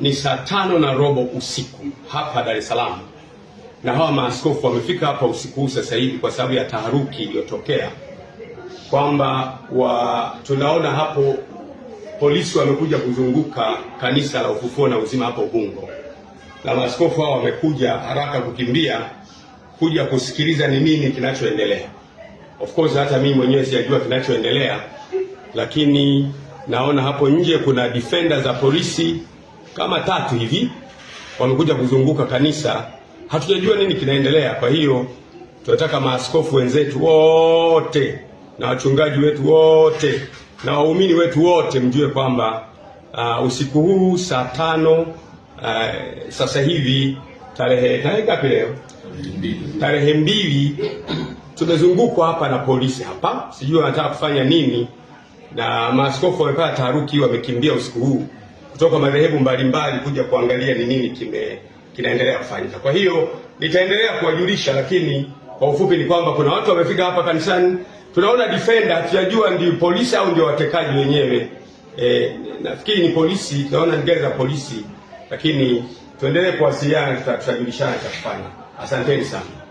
Ni saa tano na robo usiku hapa Dar es Salaam, na hawa maaskofu wamefika hapa usiku huu sasa hivi kwa sababu ya taharuki iliyotokea kwamba wa, tunaona hapo polisi wamekuja kuzunguka kanisa la Ufufuo na Uzima hapo Ubungo, na maaskofu hao wamekuja haraka kukimbia kuja kusikiliza ni nini kinachoendelea. Of course hata mimi mwenyewe sijajua kinachoendelea, lakini naona hapo nje kuna defender za polisi kama tatu hivi wamekuja kuzunguka kanisa, hatujajua nini kinaendelea. Kwa hiyo tunataka maaskofu wenzetu wote na wachungaji wetu wote na waumini wetu wote mjue kwamba uh, usiku huu saa tano uh, sasa hivi tarehe tarehe ngapi leo? Tarehe mbili, tumezungukwa hapa na polisi hapa, sijui wanataka kufanya nini, na maaskofu wamepata taharuki, wamekimbia usiku huu kutoka madhehebu mbalimbali kuja kuangalia ni nini kime kinaendelea kufanyika. Kwa hiyo nitaendelea kuwajulisha, lakini kwa ufupi ni kwamba kuna watu wamefika hapa kanisani, tunaona defender, hatujajua ndio polisi au ndio watekaji wenyewe. E, nafikiri ni polisi, tunaona ni gari za polisi, lakini tuendelee kuwasiliana, tutajulishana cha kufanya. Asanteni sana.